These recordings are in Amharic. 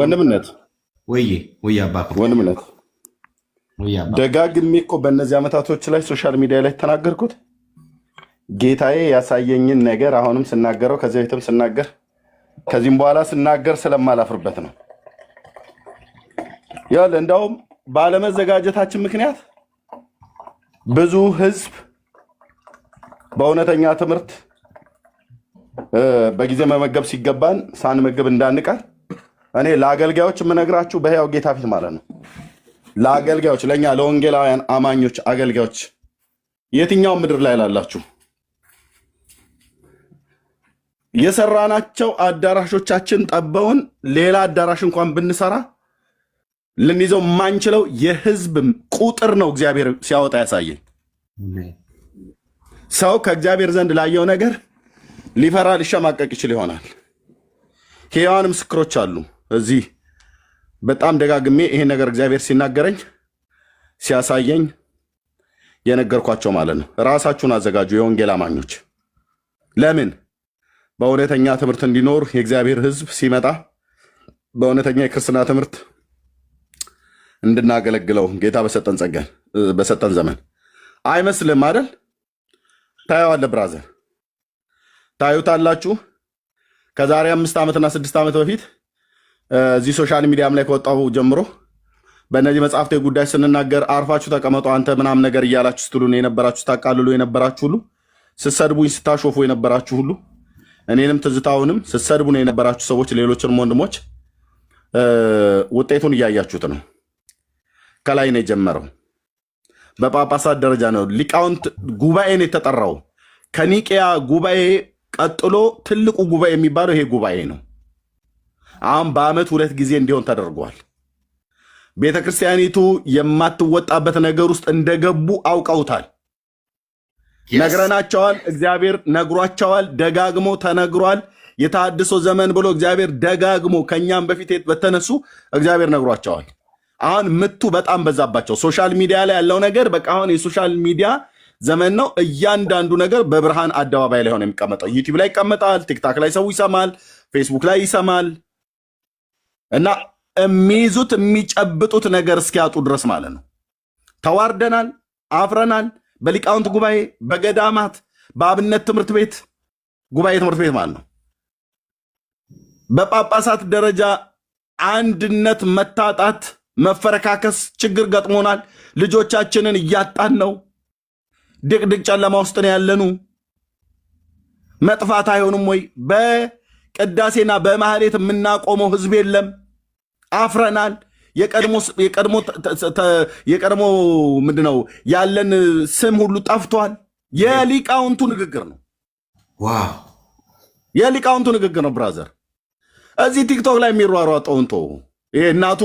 ወንድምነት ወይ ወይ አባ ወንድምነት ደጋግሜ እኮ በእነዚህ ዓመታቶች ላይ ሶሻል ሚዲያ ላይ ተናገርኩት። ጌታዬ ያሳየኝን ነገር አሁንም ስናገረው ከዚህ በፊትም ስናገር ከዚህም በኋላ ስናገር ስለማላፍርበት ነው። ያለ እንዳውም ባለመዘጋጀታችን ምክንያት ብዙ ህዝብ በእውነተኛ ትምህርት በጊዜ መመገብ ሲገባን ሳንመገብ እንዳንቀር እኔ ለአገልጋዮች የምነግራችሁ በህያው ጌታ ፊት ማለት ነው። ለአገልጋዮች ለእኛ ለወንጌላውያን አማኞች አገልጋዮች የትኛውም ምድር ላይ ላላችሁ የሰራናቸው አዳራሾቻችን ጠበውን ሌላ አዳራሽ እንኳን ብንሰራ ልንይዘው የማንችለው የህዝብ ቁጥር ነው። እግዚአብሔር ሲያወጣ ያሳየኝ ሰው ከእግዚአብሔር ዘንድ ላየው ነገር ሊፈራ ሊሸማቀቅ ይችል ይሆናል። ሕያዋን ምስክሮች አሉ። እዚህ በጣም ደጋግሜ ይሄን ነገር እግዚአብሔር ሲናገረኝ ሲያሳየኝ የነገርኳቸው ማለት ነው። ራሳችሁን አዘጋጁ የወንጌል አማኞች። ለምን በእውነተኛ ትምህርት እንዲኖር የእግዚአብሔር ሕዝብ ሲመጣ በእውነተኛ የክርስትና ትምህርት እንድናገለግለው ጌታ በሰጠን ጸጋን በሰጠን ዘመን አይመስልም አይደል? ታየዋለ ብራዘር ታዩታላችሁ። ከዛሬ አምስት ዓመትና ስድስት ዓመት በፊት እዚህ ሶሻል ሚዲያም ላይ ከወጣሁ ጀምሮ በእነዚህ መጽሐፍት ጉዳይ ስንናገር አርፋችሁ ተቀመጡ አንተ ምናምን ነገር እያላችሁ ስትሉ የነበራችሁ ስታቃልሉ የነበራችሁ ሁሉ ስትሰድቡኝ ስታሾፉ የነበራችሁ ሁሉ እኔንም ትዝታውንም ስትሰድቡ ነው የነበራችሁ ሰዎች፣ ሌሎችንም ወንድሞች ውጤቱን እያያችሁት ነው። ከላይ ነው የጀመረው። በጳጳሳት ደረጃ ነው ሊቃውንት ጉባኤ ነው የተጠራው። ከኒቅያ ጉባኤ ቀጥሎ ትልቁ ጉባኤ የሚባለው ይሄ ጉባኤ ነው። አሁን በአመት ሁለት ጊዜ እንዲሆን ተደርጓል። ቤተ ክርስቲያኒቱ የማትወጣበት ነገር ውስጥ እንደገቡ አውቀውታል። ነግረናቸዋል። እግዚአብሔር ነግሯቸዋል። ደጋግሞ ተነግሯል። የተሃድሶ ዘመን ብሎ እግዚአብሔር ደጋግሞ ከእኛም በፊት በተነሱ እግዚአብሔር ነግሯቸዋል። አሁን ምቱ በጣም በዛባቸው። ሶሻል ሚዲያ ላይ ያለው ነገር በቃ አሁን የሶሻል ሚዲያ ዘመን ነው። እያንዳንዱ ነገር በብርሃን አደባባይ ላይ ሆነ የሚቀመጠው ዩቲዩብ ላይ ይቀመጣል። ቲክታክ ላይ ሰው ይሰማል። ፌስቡክ ላይ ይሰማል። እና የሚይዙት የሚጨብጡት ነገር እስኪያጡ ድረስ ማለት ነው። ተዋርደናል፣ አፍረናል። በሊቃውንት ጉባኤ፣ በገዳማት፣ በአብነት ትምህርት ቤት ጉባኤ ትምህርት ቤት ማለት ነው። በጳጳሳት ደረጃ አንድነት መታጣት፣ መፈረካከስ ችግር ገጥሞናል። ልጆቻችንን እያጣን ነው። ድቅድቅ ጨለማ ውስጥ ነው ያለኑ። መጥፋት አይሆንም ወይ? በቅዳሴና በማህሌት የምናቆመው ህዝብ የለም። አፍረናል። የቀድሞ ምንድነው ያለን ስም ሁሉ ጠፍቷል። የሊቃውንቱ ንግግር ነው። ዋው የሊቃውንቱ ንግግር ነው። ብራዘር እዚህ ቲክቶክ ላይ የሚሯሯጠውን ቶ ይሄ እናቱ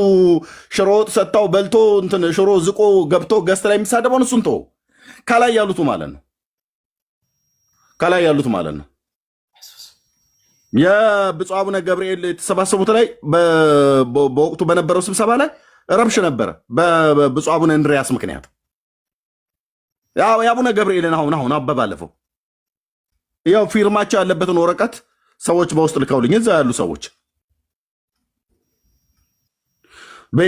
ሽሮ ሰጥታው በልቶ እንትን ሽሮ ዝቆ ገብቶ ገስት ላይ የሚሳደበውን እሱን ቶ ከላይ ያሉት ማለት ነው። ከላይ ያሉት ማለት ነው። የብፁ አቡነ ገብርኤል የተሰባሰቡት ላይ በወቅቱ በነበረው ስብሰባ ላይ ረብሽ ነበረ፣ በብፁ አቡነ እንድሪያስ ምክንያት። የአቡነ ገብርኤልን አሁን አሁን አበባ ያው ፊርማቸው ያለበትን ወረቀት ሰዎች በውስጥ ልከውልኝ እዛ ያሉ ሰዎች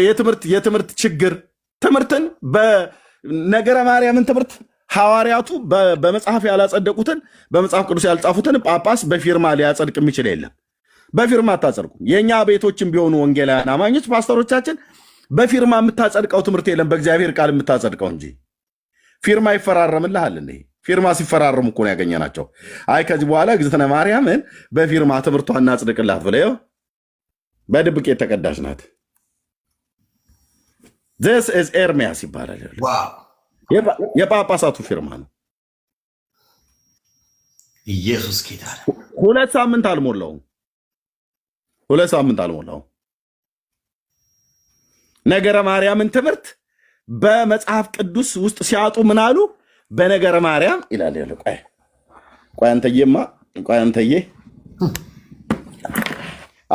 የትምህርት የትምህርት ችግር ትምህርትን በነገረ ማርያምን ትምህርት ሐዋርያቱ በመጽሐፍ ያላጸደቁትን በመጽሐፍ ቅዱስ ያልጻፉትን ጳጳስ በፊርማ ሊያጸድቅ የሚችል የለም። በፊርማ አታጸድቁም። የእኛ ቤቶችን ቢሆኑ ወንጌላውያን አማኞች ፓስተሮቻችን በፊርማ የምታጸድቀው ትምህርት የለም፣ በእግዚአብሔር ቃል የምታጸድቀው እንጂ ፊርማ ይፈራረምልሃል። እንዴ ፊርማ ሲፈራረሙ እኮ ነው ያገኘናቸው። አይ ከዚህ በኋላ እግዝእትነ ማርያምን በፊርማ ትምህርቷ እናጽድቅላት ብለው በድብቅ የተቀዳች ናት። ዚስ ኢዝ ኤርሚያስ ይባላል። የጳጳሳቱ ፊርማ ነው። ኢየሱስ ጌታ። ሁለት ሳምንት አልሞላውም። ሁለት ሳምንት አልሞላውም። ነገረ ማርያምን ትምህርት በመጽሐፍ ቅዱስ ውስጥ ሲያጡ ምን አሉ? በነገረ ማርያም ይላል ያለ። ቆይ ቆይ አንተዬማ፣ ቆይ አንተዬ።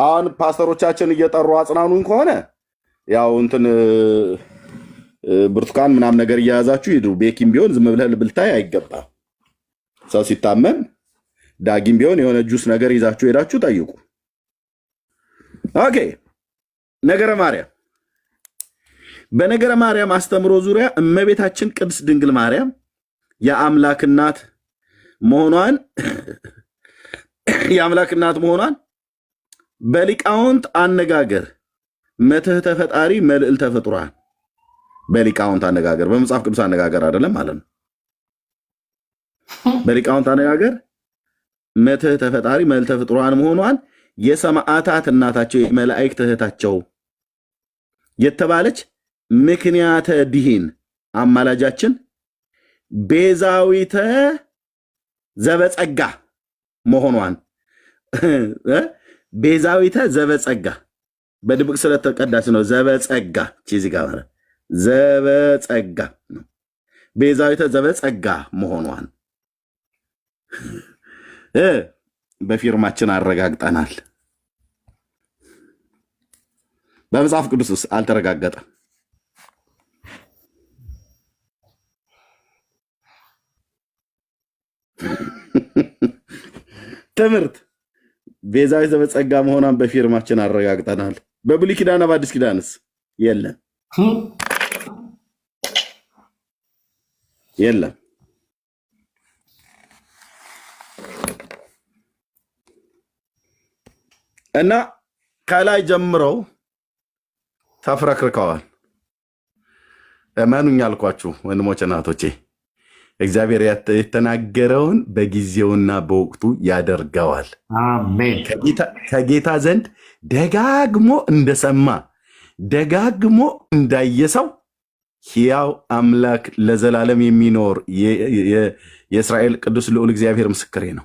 አሁን ፓስተሮቻችን እየጠሩ አጽናኑን ከሆነ ያው እንትን ብርቱካን ምናምን ነገር እያያዛችሁ ሂዱ። ቤኪም ቢሆን ዝም ብለህ ልብልታይ አይገባም። ሰው ሲታመም ዳጊም ቢሆን የሆነ ጁስ ነገር ይዛችሁ ሄዳችሁ ጠይቁ። ኦኬ። ነገረ ማርያም በነገረ ማርያም አስተምሮ ዙሪያ እመቤታችን ቅድስት ድንግል ማርያም የአምላክ እናት መሆኗን የአምላክ እናት መሆኗን በሊቃውንት አነጋገር መትህ ፈጣሪ መልዕልተ ፍጡራን በሊቃውንት አነጋገር በመጽሐፍ ቅዱስ አነጋገር አይደለም ማለት ነው። በሊቃውንት አነጋገር መትህ ተፈጣሪ መልተ ፍጡሯን መሆኗን የሰማዕታት እናታቸው የመላእክት እህታቸው የተባለች ምክንያተ ዲህን አማላጃችን ቤዛዊተ ዘበጸጋ መሆኗን ቤዛዊተ ዘበጸጋ በድብቅ ስለተቀዳች ነው። ዘበጸጋ ቺዚ ጋር ማለት ዘበጸጋ ነው። ቤዛዊተ ዘበጸጋ መሆኗን በፊርማችን አረጋግጠናል። በመጽሐፍ ቅዱስ ውስጥ አልተረጋገጠም። ትምህርት ቤዛዊተ ዘበጸጋ መሆኗን በፊርማችን አረጋግጠናል። በብሉይ ኪዳን በአዲስ ኪዳንስ የለም። የለም። እና ከላይ ጀምረው ተፍረክርከዋል። እመኑኝ አልኳችሁ ወንድሞች እናቶቼ፣ እግዚአብሔር የተናገረውን በጊዜውና በወቅቱ ያደርገዋል። ከጌታ ዘንድ ደጋግሞ እንደሰማ ደጋግሞ እንዳየሰው ሕያው አምላክ ለዘላለም የሚኖር የእስራኤል ቅዱስ ልዑል እግዚአብሔር ምስክሬ ነው።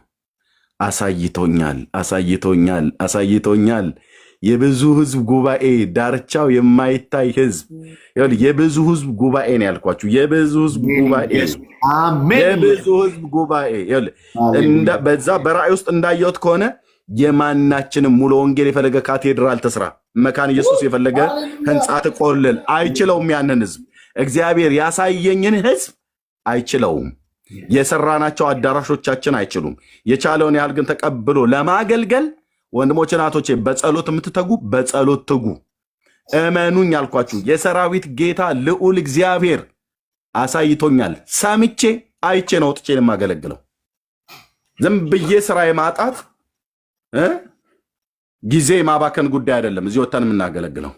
አሳይቶኛል፣ አሳይቶኛል፣ አሳይቶኛል። የብዙ ህዝብ ጉባኤ ዳርቻው የማይታይ ህዝብ የብዙ ህዝብ ጉባኤ ነው ያልኳችሁ። የብዙ ህዝብ ጉባኤ የብዙ ሕዝብ ጉባኤ በዛ በራእይ ውስጥ እንዳየሁት ከሆነ የማናችንም ሙሉ ወንጌል የፈለገ ካቴድራል ትስራ፣ መካን ኢየሱስ የፈለገ ህንፃ ትቆልል፣ አይችለውም ያንን ህዝብ። እግዚአብሔር ያሳየኝን ህዝብ አይችለውም። የሰራናቸው አዳራሾቻችን አይችሉም። የቻለውን ያህል ግን ተቀብሎ ለማገልገል ወንድሞች እናቶቼ፣ በጸሎት የምትተጉ በጸሎት ትጉ። እመኑኝ አልኳችሁ። የሰራዊት ጌታ ልዑል እግዚአብሔር አሳይቶኛል። ሰምቼ አይቼ ነው ወጥቼ የማገለግለው። ዝም ብዬ ስራ የማጣት ጊዜ ማባከን ጉዳይ አይደለም። እዚህ ወጥተን የምናገለግለው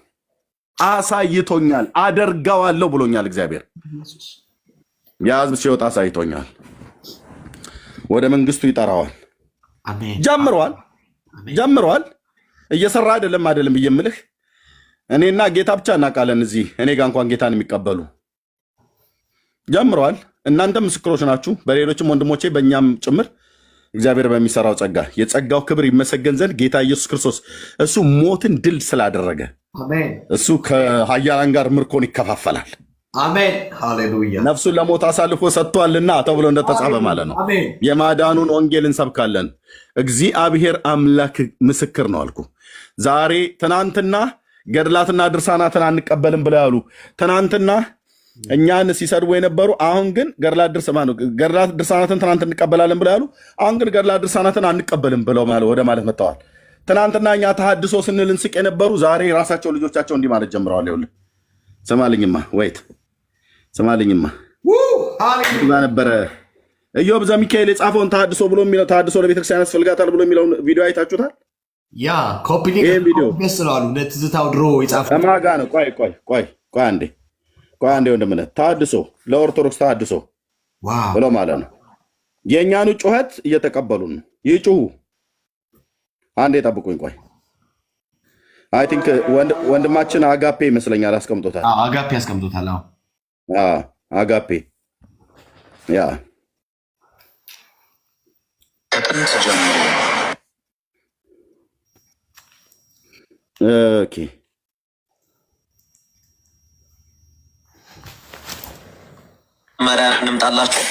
አሳይቶኛል፣ አደርገዋለሁ ብሎኛል። እግዚአብሔር የህዝብ ሲወጣ አሳይቶኛል። ወደ መንግስቱ ይጠራዋል። ጀምሯል ጀምሯል። እየሰራ አይደለም አይደለም ብዬ ምልህ እኔና ጌታ ብቻ እናውቃለን። እዚህ እኔ ጋ እንኳን ጌታን የሚቀበሉ ጀምረዋል። እናንተ ምስክሮች ናችሁ፣ በሌሎችም ወንድሞቼ በእኛም ጭምር እግዚአብሔር በሚሰራው ጸጋ የጸጋው ክብር ይመሰገን ዘንድ ጌታ ኢየሱስ ክርስቶስ እሱ ሞትን ድል ስላደረገ እሱ ከሀያላን ጋር ምርኮን ይከፋፈላል። አሜን ሃሌሉያ። ነፍሱን ለሞት አሳልፎ ሰጥቷልና ተብሎ እንደተጻፈ ማለት ነው። የማዳኑን ወንጌል እንሰብካለን። እግዚአብሔር አምላክ ምስክር ነው አልኩ። ዛሬ ትናንትና ገድላትና ድርሳናትን አንቀበልም ብለው ያሉ ትናንትና እኛን ሲሰድቡ የነበሩ አሁን ግን ገድላት ድርሳናትን ትናንት እንቀበላለን ብለው ያሉ አሁን ግን ገድላት ድርሳናትን አንቀበልም ብለው ወደ ማለት መጥተዋል። ትናንትና እኛ ተሃድሶ ስንል እንስቅ የነበሩ ዛሬ ራሳቸው ልጆቻቸው እንዲህ ማለት ጀምረዋል። ይኸውልህ ስማልኝማ፣ ወይት ስማልኝማ እዛ ነበረ እዮብ ዘሚካኤል የጻፈውን ተሃድሶ ብሎ የሚለው ተሃድሶ ለቤተክርስቲያን ያስፈልጋታል ብሎ የሚለውን ቪዲዮ አይታችሁታል? ያ ኮፒሊ ስላሉ ትዝታው ድሮ የጻፈማጋ ነው። ቆይ ቆይ ቆይ ቆይ አንዴ ቆይ አንዴ ወንድምነ ተሃድሶ ለኦርቶዶክስ ተሃድሶ ብሎ ማለት ነው። የእኛኑ ጩኸት እየተቀበሉን ይጩሁ አንዴ ጠብቁኝ፣ ቆይ አይ ቲንክ ወንድማችን አጋፔ ይመስለኛል አስቀምጦታል። አጋፔ አስቀምጦታል። አጋፔ ያ ከጥንት ጀምሮ ኦኬ መሪያ እንምጣላችሁ።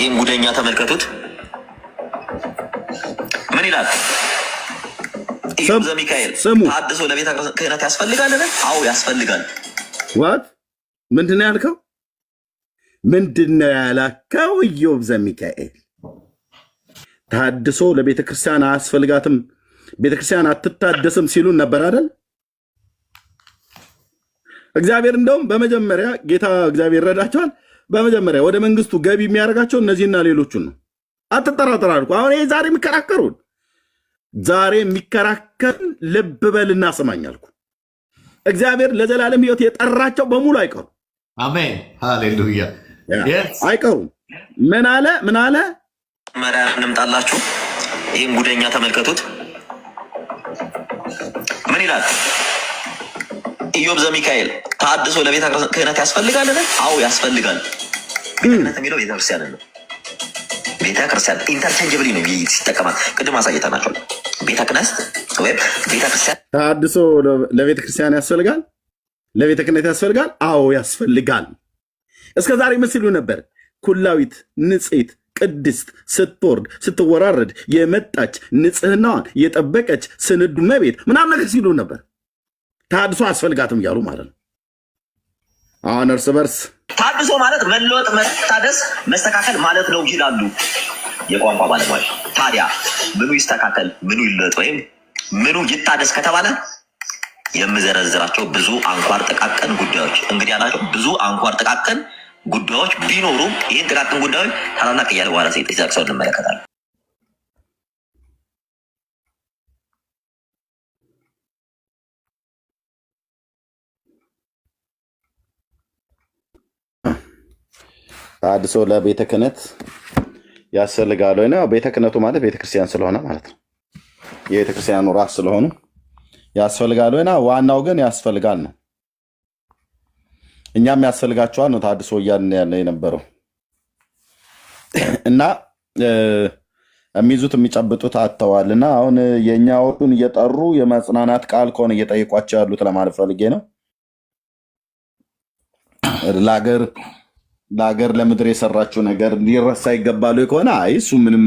ይህም ጉደኛ ተመልከቱት ምን ይላል? ዘ ሚካኤል ታድሶ ለቤተ ክህነት ያስፈልጋልን? አዎ ያስፈልጋል። ዋት ምንድን ነው ያልከው? ምንድን ነው ያላከው? ኢዮብ ዘ ሚካኤል ታድሶ ለቤተ ክርስቲያን አያስፈልጋትም፣ ቤተ ክርስቲያን አትታደስም ሲሉን ነበር አይደል? እግዚአብሔር እንደውም በመጀመሪያ ጌታ እግዚአብሔር ረዳቸዋል። በመጀመሪያ ወደ መንግስቱ ገቢ የሚያደርጋቸው እነዚህና ሌሎቹን ነው። አትጠራጠር አልኩ። አሁን ይሄ ዛሬ የሚከራከሩን ዛሬ የሚከራከርን ልብ በልና ስማኝ አልኩ። እግዚአብሔር ለዘላለም ህይወት የጠራቸው በሙሉ አይቀሩ፣ አሜን ሃሌሉያ፣ አይቀሩም። ምን አለ ምን አለ? መሪያ እንምጣላችሁ። ይህም ጉደኛ ተመልከቱት። ምን ይላል ኢዮብ ዘሚካኤል? ተሐድሶ ለቤተ ክህነት ያስፈልጋልን? አዎ ያስፈልጋል። ክህነት የሚለው ቤተክርስቲያን ነው። ቤተክርስቲያን ኢንተርቼንጅብሊ ነው ሲጠቀማል። ቅድም አሳይተናቸዋል። ቤተክነስ ወይም ቤተክርስቲያን ተሐድሶ ለቤተ ክርስቲያን ያስፈልጋል፣ ለቤተ ክህነት ያስፈልጋል። አዎ ያስፈልጋል። እስከ ዛሬ ምን ሲሉ ነበር? ኩላዊት ንጽሕት ቅድስት ስትወርድ ስትወራረድ የመጣች ንጽህናዋን የጠበቀች ስንዱ መቤት ምናምን ነገር ሲሉ ነበር። ታድሶ አስፈልጋትም እያሉ ማለት ነው። አሁን እርስ በርስ ታድሶ ማለት መለወጥ፣ መታደስ፣ መስተካከል ማለት ነው ይላሉ። የቋንቋ ባለሙያ። ታዲያ ምኑ ይስተካከል፣ ምኑ ይለጥ ወይም ምኑ ይታደስ ከተባለ የምዘረዝራቸው ብዙ አንኳር ጥቃቅን ጉዳዮች እንግዲህ ያላቸው ብዙ አንኳር ጥቃቅን ጉዳዮች ቢኖሩም ይህን ጥቃቅን ጉዳዮች ታላላቅ እያለ በኋላ ሲጠቅሰው እንመለከታለን። አድሶ ለቤተ ክህነት ያስፈልጋል ወይ? ቤተ ክህነቱ ማለት ቤተክርስቲያን ስለሆነ ማለት ነው። የቤተክርስቲያኑ ራስ ስለሆኑ ያስፈልጋል ወይ? ዋናው ግን ያስፈልጋል ነው። እኛም ያስፈልጋቸዋል ነው ታድሶ እያልን ያለ የነበረው እና የሚይዙት የሚጨብጡት አጥተዋል። እና አሁን የእኛዎቹን እየጠሩ የመጽናናት ቃል ከሆነ እየጠይቋቸው ያሉት ለማለት ፈልጌ ነው ለአገር ለሀገር ለምድር የሰራችው ነገር ሊረሳ ይገባሉ ከሆነ አይ እሱ ምንም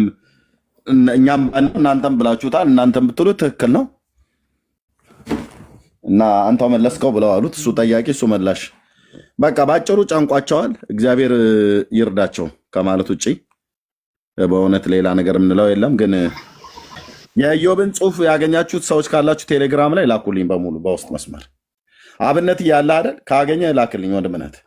እኛም እናንተም ብላችሁታል። እናንተም ብትሉት ትክክል ነው እና አንተው መለስከው ብለው አሉት። እሱ ጠያቂ፣ እሱ መላሽ። በቃ በአጭሩ ጨንቋቸዋል። እግዚአብሔር ይርዳቸው ከማለት ውጭ በእውነት ሌላ ነገር የምንለው የለም። ግን የኢዮብን ጽሁፍ ያገኛችሁት ሰዎች ካላችሁ ቴሌግራም ላይ ላኩልኝ፣ በሙሉ በውስጥ መስመር አብነት እያለ አይደል ካገኘ ላክልኝ ወንድምነት